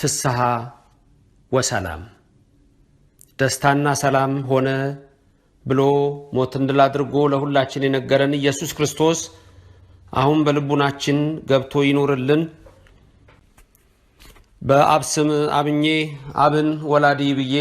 ፍስሐ ወሰላም ደስታና ሰላም ሆነ ብሎ ሞትን ድል አድርጎ ለሁላችን የነገረን ኢየሱስ ክርስቶስ አሁን በልቡናችን ገብቶ ይኖርልን። በአብ ስም አምኜ አብን ወላዲ ብዬ፣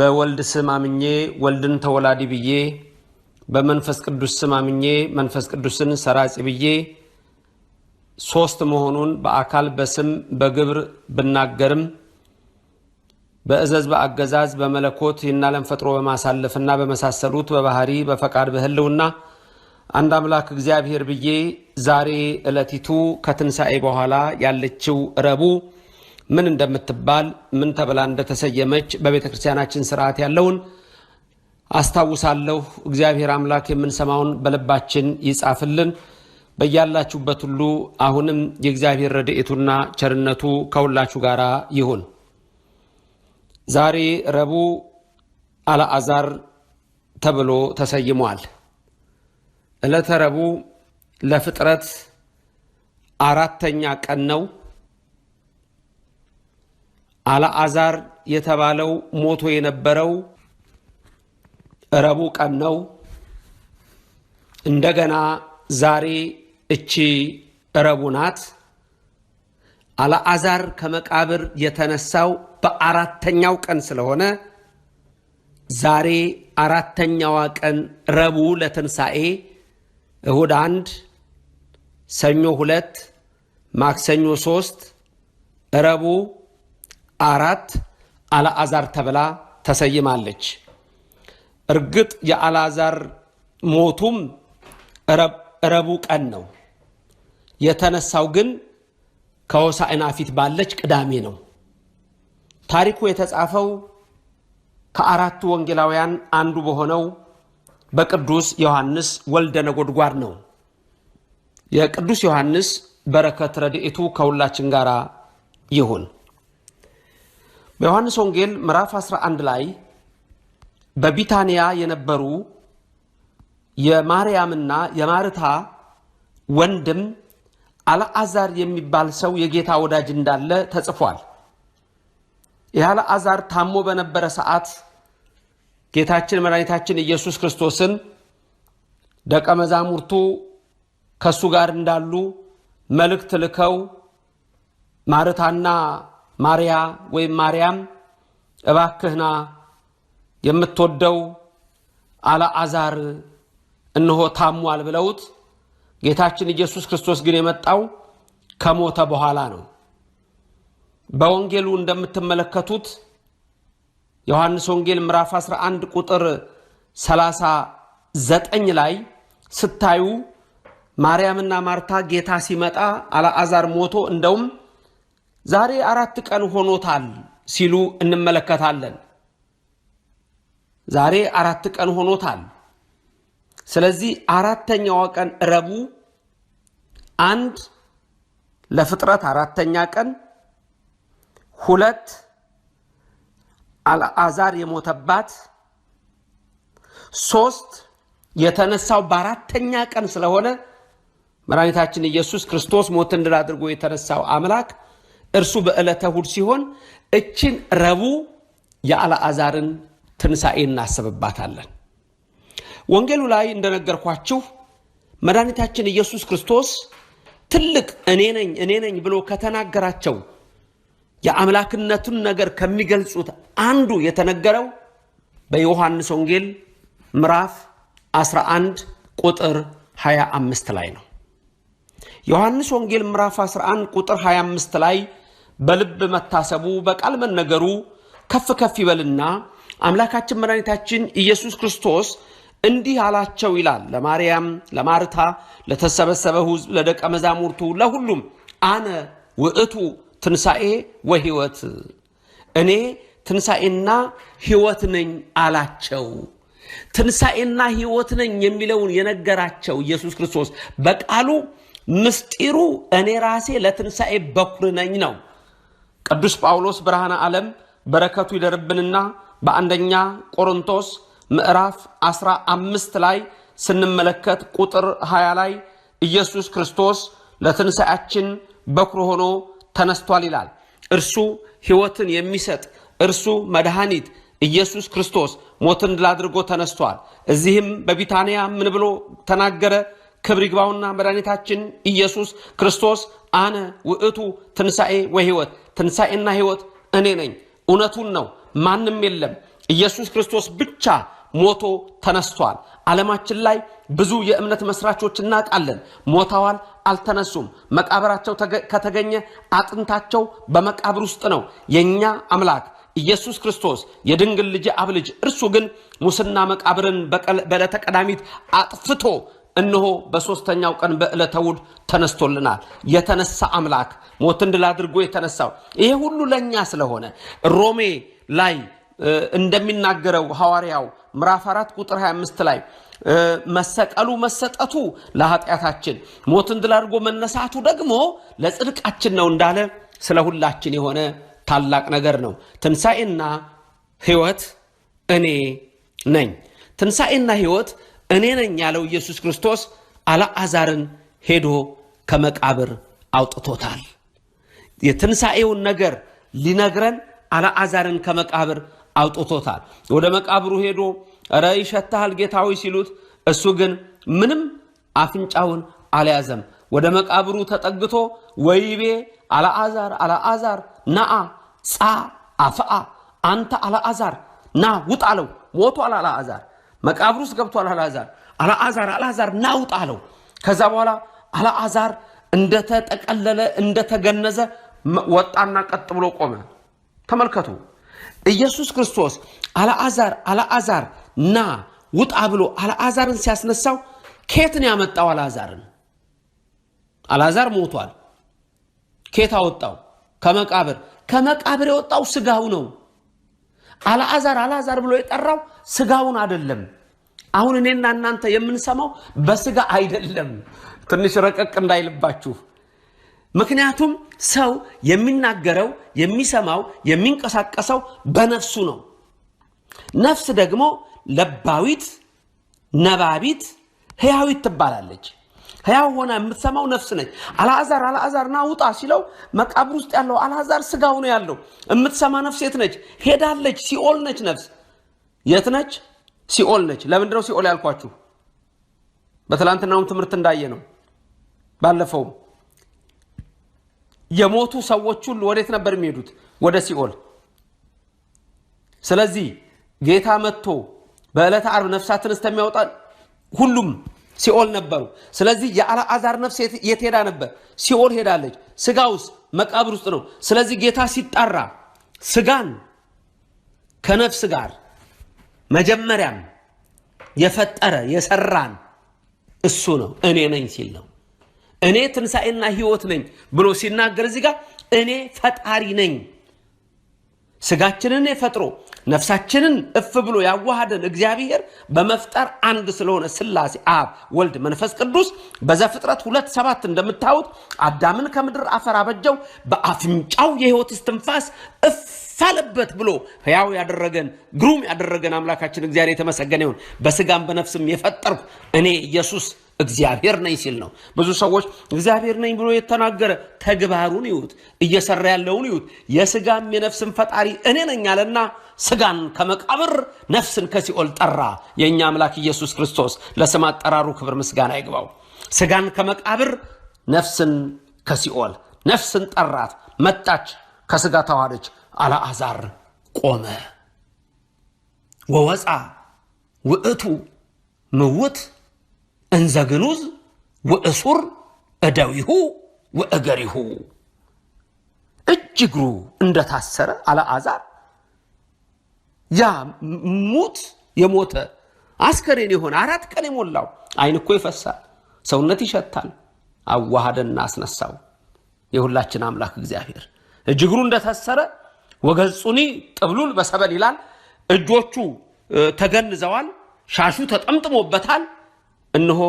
በወልድ ስም አምኜ ወልድን ተወላዲ ብዬ፣ በመንፈስ ቅዱስ ስም አምኜ መንፈስ ቅዱስን ሰራጺ ብዬ ሶስት መሆኑን በአካል በስም በግብር ብናገርም በእዘዝ በአገዛዝ በመለኮት ይናለም ፈጥሮ በማሳለፍና በመሳሰሉት በባህሪ በፈቃድ በህልውና አንድ አምላክ እግዚአብሔር ብዬ ዛሬ ዕለቲቱ ከትንሣኤ በኋላ ያለችው ረቡ ምን እንደምትባል ምን ተብላ እንደተሰየመች በቤተ ክርስቲያናችን ስርዓት ያለውን አስታውሳለሁ። እግዚአብሔር አምላክ የምንሰማውን በልባችን ይጻፍልን። በያላችሁበት ሁሉ አሁንም የእግዚአብሔር ረድኤቱና ቸርነቱ ከሁላችሁ ጋር ይሁን። ዛሬ ረቡዕ አልዓዛር ተብሎ ተሰይሟል። ዕለተ ረቡዕ ለፍጥረት አራተኛ ቀን ነው። አልዓዛር የተባለው ሞቶ የነበረው ረቡዕ ቀን ነው። እንደገና ዛሬ እቺ ረቡ ናት። አልዓዛር ከመቃብር የተነሳው በአራተኛው ቀን ስለሆነ ዛሬ አራተኛዋ ቀን ረቡ ለትንሣኤ እሁድ አንድ፣ ሰኞ ሁለት፣ ማክሰኞ ሶስት፣ ረቡ አራት አልዓዛር ተብላ ተሰይማለች። እርግጥ የአልዓዛር ሞቱም ረቡ ቀን ነው። የተነሳው ግን ከሆሳዕና ፊት ባለች ቅዳሜ ነው። ታሪኩ የተጻፈው ከአራቱ ወንጌላውያን አንዱ በሆነው በቅዱስ ዮሐንስ ወልደ ነጎድጓድ ነው። የቅዱስ ዮሐንስ በረከት ረድኤቱ ከሁላችን ጋር ይሁን። በዮሐንስ ወንጌል ምዕራፍ 11 ላይ በቢታንያ የነበሩ የማርያምና የማርታ ወንድም አልአዛር የሚባል ሰው የጌታ ወዳጅ እንዳለ ተጽፏል። ይህ ታሞ በነበረ ሰዓት ጌታችን መድኃኒታችን ኢየሱስ ክርስቶስን ደቀ መዛሙርቱ ከእሱ ጋር እንዳሉ መልእክት ልከው ማርታና ማርያ ወይም ማርያም እባክህና የምትወደው አላአዛር እነሆ ታሟል ብለውት ጌታችን ኢየሱስ ክርስቶስ ግን የመጣው ከሞተ በኋላ ነው። በወንጌሉ እንደምትመለከቱት ዮሐንስ ወንጌል ምዕራፍ 11 ቁጥር 39 ላይ ስታዩ ማርያምና ማርታ ጌታ ሲመጣ አልዓዛር ሞቶ እንደውም ዛሬ አራት ቀን ሆኖታል ሲሉ እንመለከታለን። ዛሬ አራት ቀን ሆኖታል ስለዚህ አራተኛዋ ቀን ረቡዕ አንድ ለፍጥረት አራተኛ ቀን ሁለት አልአዛር የሞተባት ሶስት የተነሳው በአራተኛ ቀን ስለሆነ መድኃኒታችን ኢየሱስ ክርስቶስ ሞትን ድል አድርጎ የተነሳው አምላክ እርሱ በዕለተ እሑድ ሲሆን እችን ረቡዕ የአልአዛርን ትንሣኤ እናስብባታለን። ወንጌሉ ላይ እንደነገርኳችሁ መድኃኒታችን ኢየሱስ ክርስቶስ ትልቅ እኔ ነኝ እኔ ነኝ ብሎ ከተናገራቸው የአምላክነቱን ነገር ከሚገልጹት አንዱ የተነገረው በዮሐንስ ወንጌል ምዕራፍ 11 ቁጥር 25 ላይ ነው። ዮሐንስ ወንጌል ምዕራፍ 11 ቁጥር 25 ላይ በልብ መታሰቡ በቃል መነገሩ ከፍ ከፍ ይበልና አምላካችን መድኃኒታችን ኢየሱስ ክርስቶስ እንዲህ አላቸው ይላል ለማርያም፣ ለማርታ፣ ለተሰበሰበ ህዝብ ለደቀ መዛሙርቱ፣ ለሁሉም አነ ውእቱ ትንሣኤ ወህይወት እኔ ትንሣኤና ሕይወት ነኝ አላቸው። ትንሣኤና ሕይወት ነኝ የሚለውን የነገራቸው ኢየሱስ ክርስቶስ በቃሉ ምስጢሩ እኔ ራሴ ለትንሣኤ በኩር ነኝ ነው። ቅዱስ ጳውሎስ ብርሃነ ዓለም በረከቱ ይደርብንና በአንደኛ ቆሮንቶስ ምዕራፍ 15 ላይ ስንመለከት ቁጥር 20 ላይ ኢየሱስ ክርስቶስ ለትንሣያችን በኩር ሆኖ ተነስቷል ይላል። እርሱ ሕይወትን የሚሰጥ እርሱ መድኃኒት ኢየሱስ ክርስቶስ ሞትን ድል አድርጎ ተነስቷል። እዚህም በቢታንያ ምን ብሎ ተናገረ? ክብር ይግባውና መድኃኒታችን ኢየሱስ ክርስቶስ አነ ውእቱ ትንሣኤ ወሕይወት፣ ትንሣኤና ሕይወት እኔ ነኝ። እውነቱን ነው፣ ማንም የለም። ኢየሱስ ክርስቶስ ብቻ ሞቶ ተነስቷል። ዓለማችን ላይ ብዙ የእምነት መስራቾች እናውቃለን። ሞተዋል፣ አልተነሱም። መቃብራቸው ከተገኘ አጥንታቸው በመቃብር ውስጥ ነው። የእኛ አምላክ ኢየሱስ ክርስቶስ የድንግል ልጅ አብ ልጅ፣ እርሱ ግን ሙስና መቃብርን በዕለተ ቀዳሚት አጥፍቶ እነሆ በሦስተኛው ቀን በዕለተ እሑድ ተነስቶልናል። የተነሳ አምላክ ሞትን ድል አድርጎ የተነሳው ይሄ ሁሉ ለእኛ ስለሆነ ሮሜ ላይ እንደሚናገረው ሐዋርያው ምዕራፍ 4 ቁጥር 25 ላይ መሰቀሉ መሰጠቱ ለኃጢአታችን፣ ሞትን ድል አድርጎ መነሳቱ ደግሞ ለጽድቃችን ነው እንዳለ ስለ ሁላችን የሆነ ታላቅ ነገር ነው። ትንሣኤና ሕይወት እኔ ነኝ። ትንሣኤና ሕይወት እኔ ነኝ ያለው ኢየሱስ ክርስቶስ አልዓዛርን ሄዶ ከመቃብር አውጥቶታል። የትንሣኤውን ነገር ሊነግረን አልዓዛርን ከመቃብር አውጥቶታል። ወደ መቃብሩ ሄዶ እረ ይሸታሃል ጌታዊ ሲሉት እሱ ግን ምንም አፍንጫውን አልያዘም። ወደ መቃብሩ ተጠግቶ ወይቤ አልዓዛር አልዓዛር ናአ ጻ አፍአ አንተ አልዓዛር ና ውጣ አለው። ሞቷል አልዓዛር መቃብሩ ውስጥ ገብቷል አልዓዛር አልዓዛር አልዓዛር ና ውጣ አለው። ከዛ በኋላ አልዓዛር እንደተጠቀለለ እንደተገነዘ ወጣና ቀጥ ብሎ ቆመ። ተመልከቱ። ኢየሱስ ክርስቶስ አልዓዛር አልዓዛር ና ውጣ ብሎ አልዓዛርን ሲያስነሳው ኬትን ያመጣው? አልዓዛርን አልዓዛር ሞቷል። ኬት አወጣው? ከመቃብር። ከመቃብር የወጣው ስጋው ነው። አልዓዛር አልዓዛር ብሎ የጠራው ስጋውን አይደለም። አሁን እኔና እናንተ የምንሰማው በስጋ አይደለም። ትንሽ ረቀቅ እንዳይልባችሁ ምክንያቱም ሰው የሚናገረው፣ የሚሰማው፣ የሚንቀሳቀሰው በነፍሱ ነው። ነፍስ ደግሞ ለባዊት፣ ነባቢት፣ ሕያዊት ትባላለች። ሕያው ሆና የምትሰማው ነፍስ ነች። አልዓዛር አልዓዛር ና ውጣ ሲለው መቃብር ውስጥ ያለው አልዓዛር ስጋው ነው ያለው። የምትሰማ ነፍስ የት ነች? ሄዳለች። ሲኦል ነች። ነፍስ የት ነች? ሲኦል ነች። ለምንድነው ሲኦል ያልኳችሁ? በትላንትናውም ትምህርት እንዳየ ነው ባለፈውም የሞቱ ሰዎች ሁሉ ወዴት ነበር የሚሄዱት? ወደ ሲኦል። ስለዚህ ጌታ መጥቶ በዕለተ ዓርብ ነፍሳትን እስከሚያወጣ ሁሉም ሲኦል ነበሩ። ስለዚህ የአልዓዛር ነፍስ የት ሄዳ ነበር? ሲኦል ሄዳለች። ስጋ ውስጥ መቃብር ውስጥ ነው። ስለዚህ ጌታ ሲጣራ ስጋን ከነፍስ ጋር መጀመሪያም የፈጠረ የሰራን እሱ ነው እኔ ነኝ ሲል ነው። እኔ ትንሣኤና ሕይወት ነኝ ብሎ ሲናገር እዚህ ጋር እኔ ፈጣሪ ነኝ። ስጋችንን የፈጥሮ ነፍሳችንን እፍ ብሎ ያዋሃደን እግዚአብሔር በመፍጠር አንድ ስለሆነ ስላሴ አብ፣ ወልድ፣ መንፈስ ቅዱስ በዘፍጥረት ሁለት ሰባት እንደምታዩት አዳምን ከምድር አፈር አበጀው፣ በአፍንጫው የህይወት እስትንፋስ እፍ ሳለበት ብሎ ሕያው ያደረገን ግሩም ያደረገን አምላካችን እግዚአብሔር የተመሰገነ ይሁን። በስጋም በነፍስም የፈጠርኩ እኔ ኢየሱስ እግዚአብሔር ነኝ ሲል ነው። ብዙ ሰዎች እግዚአብሔር ነኝ ብሎ የተናገረ ተግባሩን ይዩት፣ እየሰራ ያለውን ይዩት። የስጋም የነፍስን ፈጣሪ እኔ ነኝ አለና ስጋን ከመቃብር ነፍስን ከሲኦል ጠራ። የእኛ አምላክ ኢየሱስ ክርስቶስ ለስም አጠራሩ ክብር ምስጋና ይግባው። ስጋን ከመቃብር ነፍስን ከሲኦል ነፍስን ጠራት፣ መጣች፣ ከስጋ ተዋደች አልዓዛር ቆመ ወወፃ ውእቱ ምውት እንዘ ግኑዝ ወእሱር እደዊሁ ወእገሪሁ እጅ እግሩ እንደታሰረ አልዓዛር ያ ሙት የሞተ አስከሬን የሆነ አራት ቀን የሞላው ዓይን እኮ ይፈሳል፣ ሰውነት ይሸታል። አዋሃደና አስነሳው የሁላችን አምላክ እግዚአብሔር። እጅ እግሩ እንደታሰረ ወገጹኒ ጥብሉል በሰበል ይላል። እጆቹ ተገንዘዋል፣ ሻሹ ተጠምጥሞበታል። እነሆ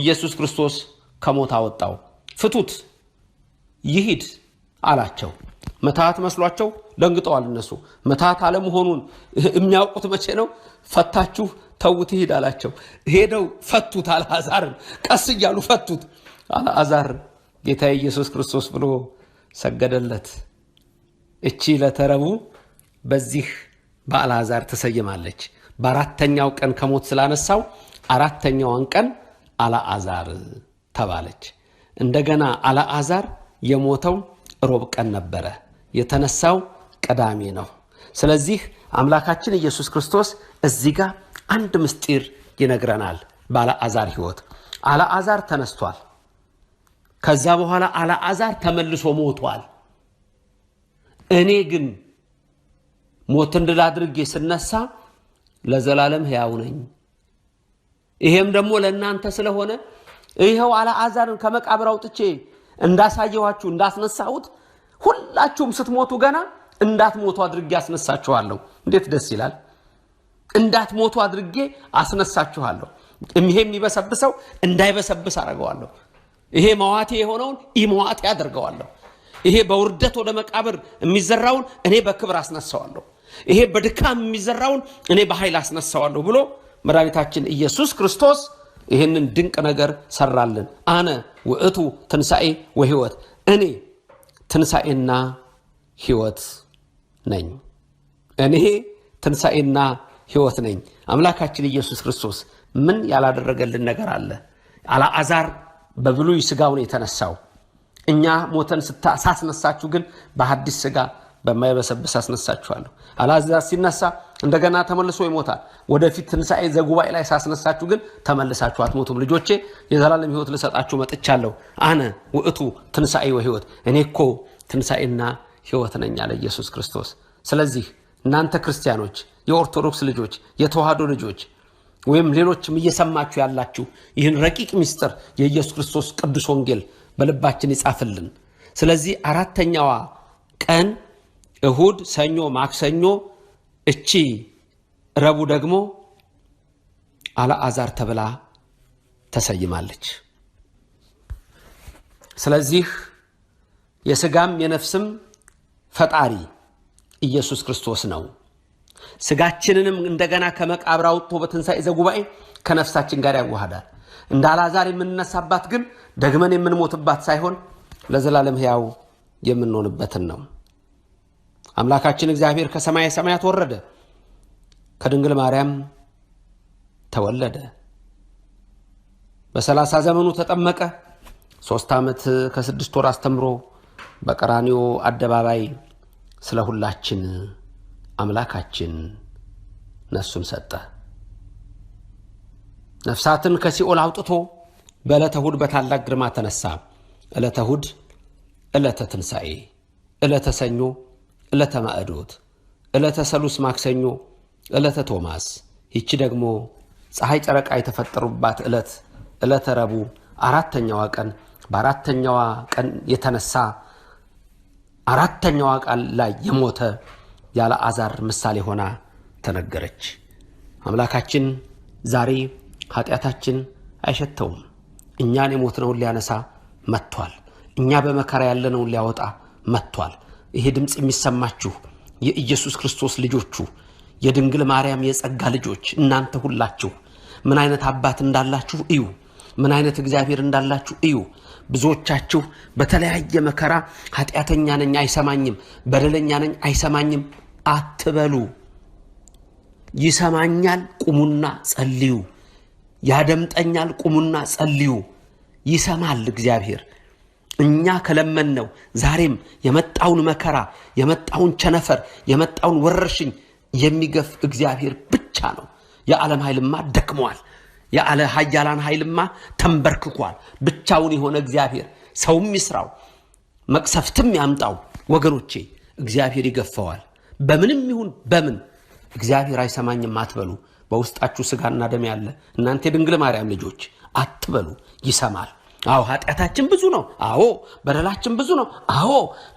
ኢየሱስ ክርስቶስ ከሞት አወጣው፣ ፍቱት፣ ይሂድ አላቸው። መታት መስሏቸው ደንግጠዋል። እነሱ መታት አለመሆኑን የሚያውቁት መቼ ነው? ፈታችሁ ተውት ይሄድ አላቸው። ሄደው ፈቱት፣ አልዓዛርን ቀስ እያሉ ፈቱት። አልዓዛር ጌታ ኢየሱስ ክርስቶስ ብሎ ሰገደለት። እቺ ለተረቡ በዚህ በአልዓዛር ትሰይማለች። በአራተኛው ቀን ከሞት ስላነሳው አራተኛዋን ቀን አልዓዛር ተባለች። እንደገና አልዓዛር የሞተው ሮብ ቀን ነበረ፣ የተነሳው ቅዳሜ ነው። ስለዚህ አምላካችን ኢየሱስ ክርስቶስ እዚህ ጋር አንድ ምስጢር ይነግረናል። በአልዓዛር ሕይወት አልዓዛር ተነስቷል። ከዛ በኋላ አልዓዛር ተመልሶ ሞቷል። እኔ ግን ሞትን ድል አድርጌ ስነሳ ለዘላለም ሕያው ነኝ። ይሄም ደግሞ ለእናንተ ስለሆነ ይኸው አልዓዛርን ከመቃብር አውጥቼ እንዳሳየኋችሁ እንዳስነሳሁት ሁላችሁም ስትሞቱ ገና እንዳትሞቱ አድርጌ አስነሳችኋለሁ። እንዴት ደስ ይላል! እንዳትሞቱ አድርጌ አስነሳችኋለሁ። ይሄ የሚበሰብሰው እንዳይበሰብስ አደርገዋለሁ። ይሄ መዋቴ የሆነውን ኢመዋቴ አደርገዋለሁ። ይሄ በውርደት ወደ መቃብር የሚዘራውን እኔ በክብር አስነሳዋለሁ። ይሄ በድካም የሚዘራውን እኔ በኃይል አስነሳዋለሁ ብሎ መድኃኒታችን ኢየሱስ ክርስቶስ ይህንን ድንቅ ነገር ሰራልን። አነ ውእቱ ትንሣኤ ወሕይወት፣ እኔ ትንሣኤና ሕይወት ነኝ። እኔ ትንሣኤና ሕይወት ነኝ። አምላካችን ኢየሱስ ክርስቶስ ምን ያላደረገልን ነገር አለ? አልዓዛር በብሉይ ሥጋውን የተነሳው እኛ ሞተን ሳስነሳችሁ ግን በሐዲስ ሥጋ በማይበሰብስ አስነሳችኋለሁ። አልዓዛር ሲነሳ እንደገና ተመልሶ ይሞታል። ወደፊት ትንሣኤ ዘጉባኤ ላይ ሳስነሳችሁ ግን ተመልሳችሁ አትሞቱም። ልጆቼ የዘላለም ሕይወት ልሰጣችሁ መጥቻለሁ። አነ ውእቱ ትንሣኤ ወሕይወት፣ እኔ እኮ ትንሣኤና ሕይወት ነኝ አለ ኢየሱስ ክርስቶስ። ስለዚህ እናንተ ክርስቲያኖች፣ የኦርቶዶክስ ልጆች፣ የተዋህዶ ልጆች ወይም ሌሎችም እየሰማችሁ ያላችሁ ይህን ረቂቅ ምስጢር የኢየሱስ ክርስቶስ ቅዱስ ወንጌል በልባችን ይጻፍልን። ስለዚህ አራተኛዋ ቀን እሁድ፣ ሰኞ፣ ማክሰኞ እቺ ረቡ ደግሞ አላአዛር ተብላ ተሰይማለች። ስለዚህ የስጋም የነፍስም ፈጣሪ ኢየሱስ ክርስቶስ ነው። ስጋችንንም እንደገና ከመቃብር አውጥቶ በትንሣኤ ዘጉባኤ ከነፍሳችን ጋር ያዋህዳል። እንደ አልዓዛር የምንነሳባት ግን ደግመን የምንሞትባት ሳይሆን ለዘላለም ሕያው የምንሆንበትን ነው። አምላካችን እግዚአብሔር ከሰማይ ሰማያት ወረደ፣ ከድንግል ማርያም ተወለደ፣ በሰላሳ ዘመኑ ተጠመቀ፣ ሶስት ዓመት ከስድስት ወር አስተምሮ በቀራኒዮ አደባባይ ስለ ሁላችን አምላካችን ነፍሱን ሰጠ። ነፍሳትን ከሲኦል አውጥቶ በዕለተ እሁድ በታላቅ ግርማ ተነሳ። ዕለተ እሁድ ዕለተ ትንሣኤ፣ ዕለተ ሰኞ ዕለተ ማዕዶት፣ ዕለተ ሰሉስ ማክሰኞ፣ ዕለተ ቶማስ። ይቺ ደግሞ ፀሐይ ጨረቃ የተፈጠሩባት ዕለት ዕለተ ረቡዕ አራተኛዋ ቀን በአራተኛዋ ቀን የተነሳ አራተኛዋ ቃል ላይ የሞተ ያለ አዛር ምሳሌ ሆና ተነገረች። አምላካችን ዛሬ ኃጢአታችን አይሸተውም። እኛን የሞትነውን ሊያነሳ መጥቷል። እኛ በመከራ ያለነውን ሊያወጣ መጥቷል። ይሄ ድምፅ የሚሰማችሁ የኢየሱስ ክርስቶስ ልጆቹ የድንግል ማርያም የጸጋ ልጆች እናንተ ሁላችሁ ምን አይነት አባት እንዳላችሁ እዩ። ምን አይነት እግዚአብሔር እንዳላችሁ እዩ። ብዙዎቻችሁ በተለያየ መከራ ኃጢአተኛ ነኝ አይሰማኝም፣ በደለኛ ነኝ አይሰማኝም አትበሉ። ይሰማኛል፣ ቁሙና ጸልዩ። ያደምጠኛል፣ ቁሙና ጸልዩ። ይሰማል እግዚአብሔር። እኛ ከለመን ነው ዛሬም የመጣውን መከራ የመጣውን ቸነፈር የመጣውን ወረርሽኝ የሚገፍ እግዚአብሔር ብቻ ነው። የዓለም ኃይልማ ደክመዋል። የዓለ ሀያላን ኃይልማ ተንበርክኳል። ብቻውን የሆነ እግዚአብሔር ሰውም ይስራው መቅሰፍትም ያምጣው ወገኖቼ እግዚአብሔር ይገፈዋል። በምንም ይሁን በምን እግዚአብሔር አይሰማኝም አትበሉ። በውስጣችሁ ስጋና ደም ያለ እናንተ የድንግል ማርያም ልጆች አትበሉ፣ ይሰማል። አዎ ኃጢአታችን ብዙ ነው። አዎ በደላችን ብዙ ነው። አዎ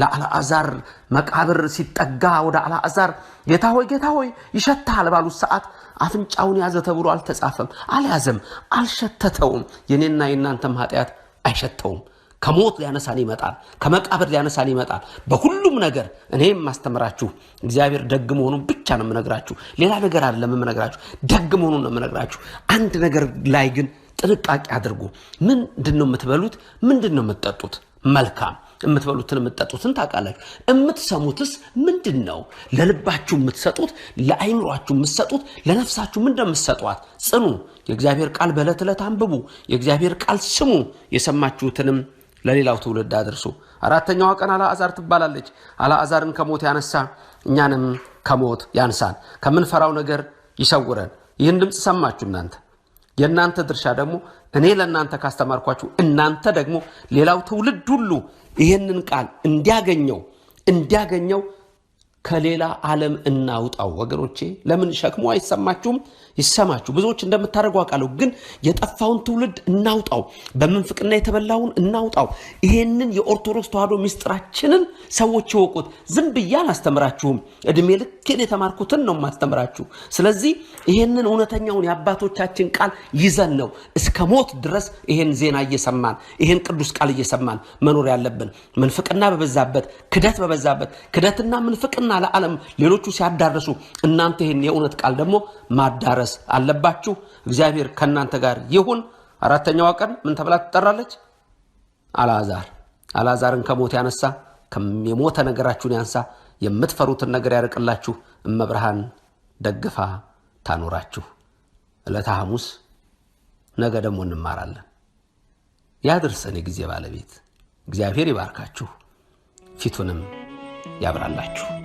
ለአልዓዛር መቃብር ሲጠጋ ወደ አልዓዛር ጌታ ሆይ ጌታ ሆይ ይሸታል ባሉት ሰዓት አፍንጫውን ያዘ ተብሎ አልተጻፈም፣ አልያዘም፣ አልሸተተውም። የኔና የእናንተም ኃጢአት አይሸተውም። ከሞት ሊያነሳን ይመጣል። ከመቃብር ሊያነሳን ይመጣል። በሁሉም ነገር እኔ የማስተምራችሁ እግዚአብሔር ደግ መሆኑን ብቻ ነው የምነግራችሁ። ሌላ ነገር አይደለም የምነግራችሁ፣ ደግ መሆኑን ነው የምነግራችሁ። አንድ ነገር ላይ ግን ጥንቃቄ አድርጉ። ምንድን ነው የምትበሉት? ምንድን ነው የምትጠጡት? መልካም የምትበሉትን የምትጠጡትን ታውቃላችሁ። የምትሰሙትስ ምንድን ነው? ለልባችሁ የምትሰጡት፣ ለአይምሯችሁ የምትሰጡት፣ ለነፍሳችሁ ምንድን የምትሰጧት? ጽኑ። የእግዚአብሔር ቃል በዕለት ዕለት አንብቡ። የእግዚአብሔር ቃል ስሙ፣ የሰማችሁትንም ለሌላው ትውልድ አድርሱ። አራተኛዋ ቀን አልዓዛር ትባላለች። አልዓዛርን ከሞት ያነሳ እኛንም ከሞት ያንሳን፣ ከምንፈራው ነገር ይሰውረን። ይህን ድምፅ ሰማችሁ እናንተ የእናንተ ድርሻ ደግሞ እኔ ለእናንተ ካስተማርኳችሁ እናንተ ደግሞ ሌላው ትውልድ ሁሉ ይህንን ቃል እንዲያገኘው እንዲያገኘው ከሌላ ዓለም እናውጣው። ወገኖቼ ለምን ሸክሙ አይሰማችሁም? ይሰማችሁ። ብዙዎች እንደምታደርጉ አውቃለሁ፣ ግን የጠፋውን ትውልድ እናውጣው፣ በምንፍቅና የተበላውን እናውጣው። ይሄንን የኦርቶዶክስ ተዋህዶ ሚስጥራችንን ሰዎች ይወቁት። ዝም ብዬ አላስተምራችሁም፣ እድሜ ልኬን የተማርኩትን ነው የማስተምራችሁ። ስለዚህ ይሄንን እውነተኛውን የአባቶቻችን ቃል ይዘን ነው እስከ ሞት ድረስ ይሄን ዜና እየሰማን ይሄን ቅዱስ ቃል እየሰማን መኖር ያለብን። ምንፍቅና በበዛበት ክደት በበዛበት ክደትና ምንፍቅና ለዓለም ሌሎቹ ሲያዳርሱ እናንተ ይሄን የእውነት ቃል ደግሞ ማዳረ መድረስ አለባችሁ። እግዚአብሔር ከእናንተ ጋር ይሁን። አራተኛዋ ቀን ምን ተብላ ትጠራለች? አልዓዛር። አልዓዛርን ከሞት ያነሳ የሞተ ነገራችሁን ያንሳ፣ የምትፈሩትን ነገር ያርቅላችሁ፣ እመብርሃን ደግፋ ታኖራችሁ። ዕለተ ሐሙስ ነገ ደግሞ እንማራለን። ያድርሰን የጊዜ ባለቤት እግዚአብሔር ይባርካችሁ፣ ፊቱንም ያብራላችሁ።